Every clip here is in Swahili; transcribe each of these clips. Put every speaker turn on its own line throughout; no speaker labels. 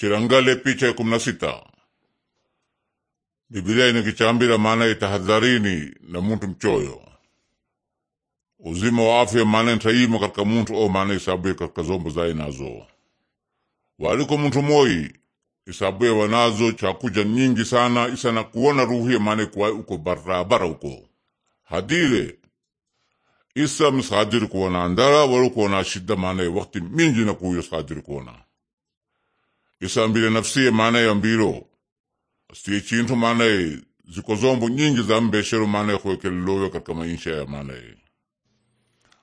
Chirangale picha ya kumi na sita bibilia inakichambira maana itahadharini na muntu mchoyo uzima wa afya maana ntaima katika muntu o maana isabuye katika zombo zai nazo waliko muntu moi isabuye wanazo chakuja nyingi sana isana kuona ya maana kuwai uko barabara uko hadire isa msadiri kuona andara walukuona shida maana wakti mingi na kuyo sadiri kuona isambile nafsiye maana yambilo siye chintu maanaye ziko zombo nyingi za mbeshero maanaye kuwekelelewe katika maisha ya maanaye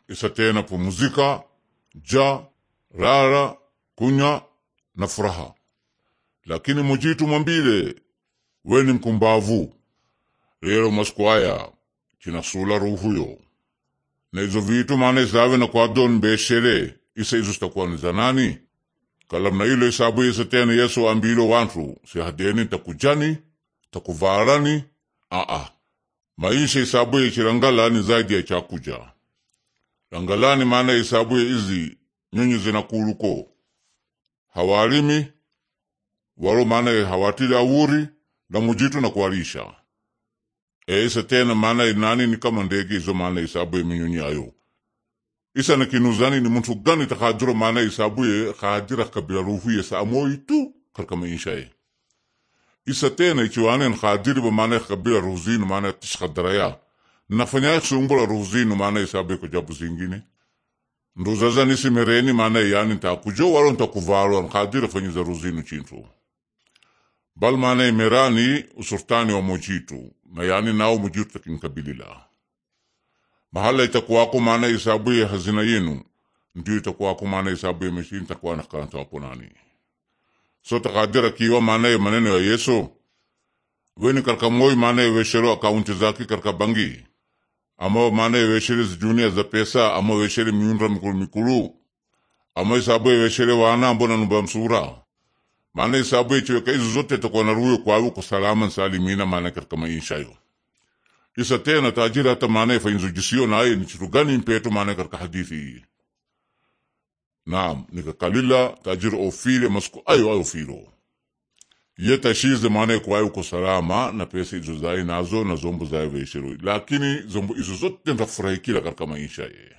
isa tena pumuzika ja rara kunya na furaha lakini mujitu mwambile weni mkumbavu lero masiku aya chinasula ruhuyo na izo vitu maana isawe na kwadon mbeshele isa izo zitakuwa ni za nani kalamna ile sabuye setene yesu ambilo wantu hadeni takujani takuvarani aa maisha isabuye chirangalani zaidi ya chakuja rangalani maana ya izi nyinyi zinakuluko hawarimi walo maana hawatili awuri na mujitu na kuwalisha eisa ee tena maana inani ni kama ndege izo maana ya minyunyi ayo isa na kinuzani ni mtu gani takadiro maana isabuye kadira kabila ruhuye saamoyi tu karkama inshaye isa tena ichiwane ikiwanen ba maana kabila ruhuzinu maana tishkadaraya nafanyaisumbula ruhuzinu maana isabuye kujabu zingine nduzaza nisi mereni maana yani takujo walo ntakuvalo nkadira fanyiza ruhuzinu chintu bal maana imerani usurtani wa mojitu na yani nao mujitu takinkabilila mahala itakuwako maana hisabu ya hazina yenu ndio itakuwako maana hisabu ya maisha itakuwa kanta hapo nani so takadira kiwa maana ya maneno ya Yesu weni karka moyo maana ya weshero akaunti zake karka bangi ama maana ya weshere zijunia za pesa ama weshere miunra mikulu mikulu ama hisabu ya weshere wana ambona nuba msura maana hisabu ya chiweka hizo zote itakuwa naruyo kwawe kwa salama salimina maana karka maisha yo tena tajira hata maana fainzujisiyo naye ni chitu gani mpeto maana katika hadithi hii naam nikakalila tajiri ofile masiku ayo ayo filo ye tashize maana kwaye uko salama na pesa izo zaye nazo na zombo zaye veishiroi lakini zombo izo zote ntafurahikila katika maisha ye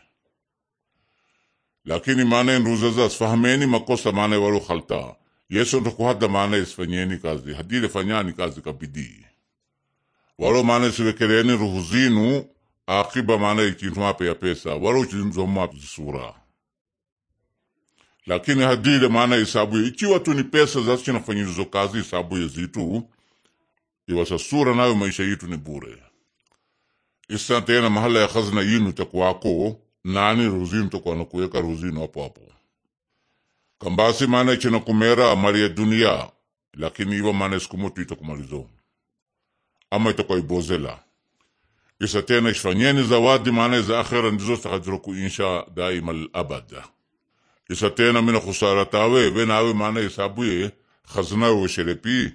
lakini maana nduzaza sfahameni makosa maana walo khalta yeso ntakuhada maana isfanyeni kazi hadile fanyani kazi kabidii waro maana siwekereni ruhu zinu akiba mane ikintu mape ya pesa walo waro zisura lakini hadile maana isabuye ikiwa tu ni pesa zasinafanyirizo kazi isabuye zitu iwasa sura nayo maisha yitu ni bure isantena mahala ya khazina yinu takwako nani ruzinu takwana kuweka ruzinu hapo hapo kambasi maana ichina kumera amali ya dunia lakini iwa maana isikumotu itakumalizo ama itakaibozela isa tena isifanyeni zawadi maana za akhera ndizo zitakazirokuinsha daima alabada isa tena mina khusara tawe wenawe maana isabuye khazinawe wesherepi